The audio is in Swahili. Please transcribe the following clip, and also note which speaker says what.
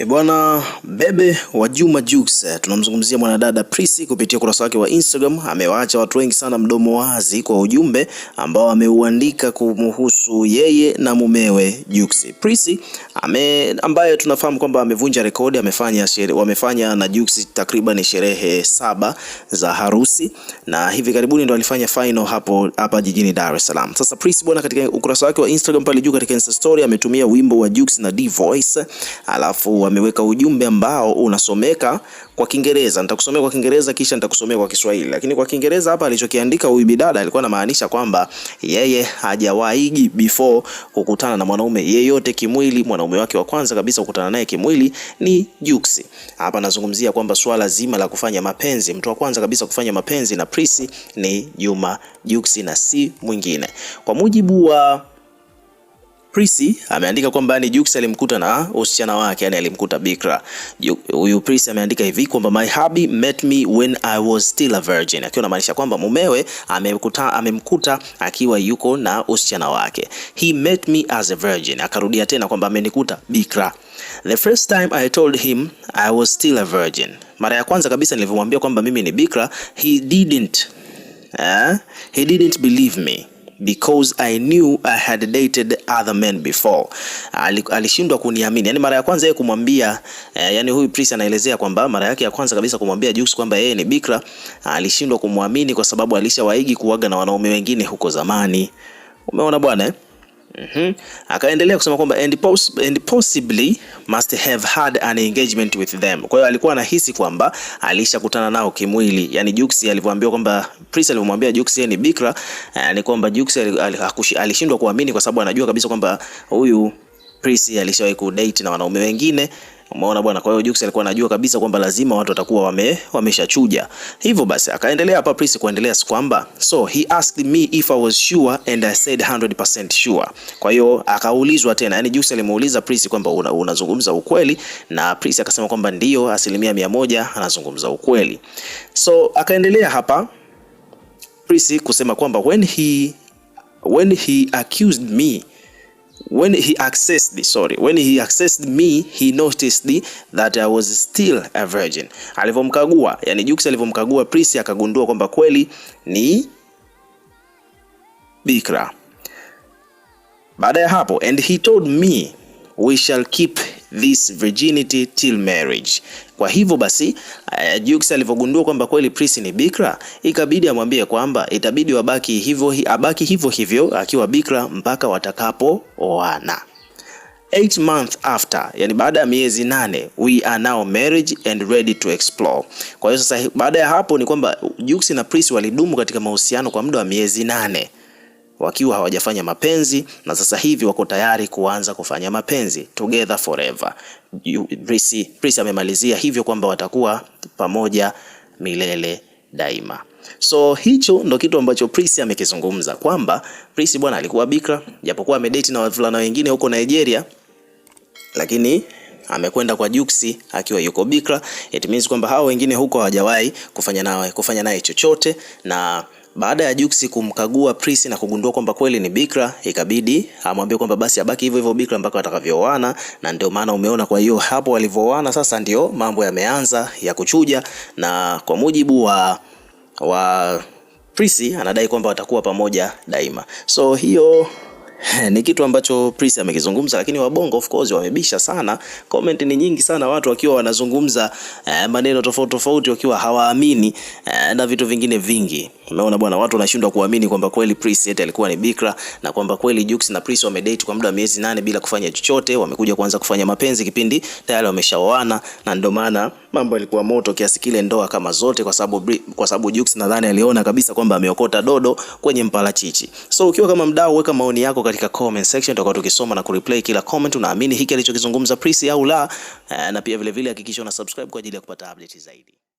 Speaker 1: E bwana Bebe wa Juma Jux, eh, tunamzungumzia mwanadada Prisi kupitia ukurasa wake wa Instagram. Amewaacha watu wengi sana mdomo wazi kwa ujumbe ambao ameuandika kumhusu yeye na mumewe Jux. Prisi ame, ambaye tunafahamu kwamba amevunja rekodi, amefanya wamefanya na Jux takriban sherehe saba za harusi na hivi karibuni ndo alifanya final hapo hapa jijini Dar es Salaam. Sasa Prisi bwana, katika ukurasa wake wa Instagram pale juu, katika Insta story ametumia wimbo wa Jux na D Voice alafu ameweka ujumbe ambao unasomeka kwa Kiingereza. Nitakusomea kwa Kiingereza kisha nitakusomea kwa Kiswahili. Lakini kwa Kiingereza hapa alichokiandika huyu bidada alikuwa anamaanisha kwamba yeye hajawahi before kukutana na mwanaume yeyote kimwili. Mwanaume wake wa kwanza kabisa kukutana naye kimwili ni Jux. Hapa anazungumzia kwamba swala zima la kufanya mapenzi, mtu wa kwanza kabisa kufanya mapenzi na Prisi ni Juma Jux na si mwingine. Kwa mujibu wa Prisi ameandika kwamba ni Jux alimkuta na usichana wake, yani alimkuta bikra. Huyu Prisi ameandika hivi kwamba my hubby met me when I was still a virgin, akiwa anamaanisha kwamba mumewe amemkuta, amemkuta akiwa yuko na usichana wake. He met me as a virgin, akarudia tena kwamba amenikuta bikra. The first time I told him I was still a virgin, mara ya kwanza kabisa nilivyomwambia kwamba mimi ni bikra, he didn't, eh? he didn't believe me because I knew I had dated other men before. Alishindwa kuniamini. Yaani mara ya kwanza yeye kumwambia eh, yani huyu priest anaelezea kwamba mara yake ya kwanza kabisa kumwambia Jux kwamba yeye ni bikra, alishindwa kumwamini kwa sababu alishawaigi kuwaga na wanaume wengine huko zamani. Umeona bwana eh? Mm -hmm. Akaendelea kusema kwamba and, poss and possibly must have had an engagement with them. Kwa hiyo alikuwa anahisi kwamba alishakutana nao kimwili. Yani Juksi alivyomwambia kwamba Pris alivyomwambia Juksi ni bikra, eh, ni kwamba Juksi alishindwa kuamini kwa sababu anajua kabisa kwamba huyu Pris alishawahi kudate na wanaume wengine Umeona bwana, kwa hiyo Jux alikuwa anajua kabisa kwamba lazima watu watakuwa wame wameshachuja. Hivyo basi akaendelea hapa Pris kuendelea kwamba so he asked me if I was sure and I said 100% sure. Kwa hiyo akaulizwa tena, yani Jux alimuuliza Pris kwamba unazungumza una ukweli, na Pris akasema kwamba ndio, asilimia mia moja anazungumza ukweli. So akaendelea hapa Pris kusema kwamba when he when he accused me when he accessed sorry when he accessed me he noticed that I was still a virgin. Alivyomkagua yani Jux alivyomkagua Prissy akagundua kwamba kweli ni bikra. Baada ya hapo, and he told me we shall keep this virginity till marriage, kwa hivyo basi uh, eh, Jux alivyogundua kwamba kweli pris ni bikra, ikabidi amwambie kwamba itabidi wabaki hivyo, abaki hivyo hivyo akiwa bikra mpaka watakapooana. 8 month after, yani baada ya miezi nane, we are now married and ready to explore. Kwa hiyo sasa baada ya hapo ni kwamba Jux na pris walidumu katika mahusiano kwa muda wa miezi nane wakiwa hawajafanya mapenzi na sasa hivi wako tayari kuanza kufanya mapenzi together forever. Prissy Prissy amemalizia hivyo kwamba watakuwa pamoja milele daima. So hicho ndo kitu ambacho Prisi amekizungumza kwamba Prisi bwana alikuwa bikra, japokuwa amedate na wavulana wengine huko Nigeria, lakini amekwenda kwa Juksi akiwa yuko bikra. It means kwamba hao wengine huko hawajawahi kufanya naye kufanya naye chochote na baada ya Jux kumkagua Prisi na kugundua kwamba kweli ni bikra, ikabidi amwambie kwamba basi abaki hivyo hivyo bikra mpaka atakavyooana, na ndio maana umeona. Kwa hiyo hapo walivyooana sasa, ndio mambo yameanza ya kuchuja, na kwa mujibu wa, wa Prisi anadai kwamba watakuwa pamoja daima, so hiyo ni kitu ambacho Pricy amekizungumza, lakini wabongo of course wamebisha sana. Comment ni nyingi sana, watu wakiwa wanazungumza eh, maneno tofauti tofauti, wakiwa hawaamini eh, na vitu vingine vingi. Umeona bwana, watu wanashindwa kuamini kwamba kweli Pricy eti alikuwa ni bikra na kwamba kweli Jux na Pricy wamedate kwa muda wa miezi nane bila kufanya chochote. Wamekuja kuanza kufanya mapenzi kipindi tayari wameshaoana, na ndio maana mambo yalikuwa moto kiasi kile, ndoa kama zote, kwa sababu kwa sababu Jux nadhani aliona kabisa kwamba ameokota dodo kwenye mparachichi. So ukiwa kama mdau, weka maoni yako katika comment section, tutakuwa tukisoma na kureplay kila comment. Unaamini hiki alichokizungumza Prissy au la? Eh, na pia vilevile hakikisha una subscribe kwa ajili ya kupata update zaidi.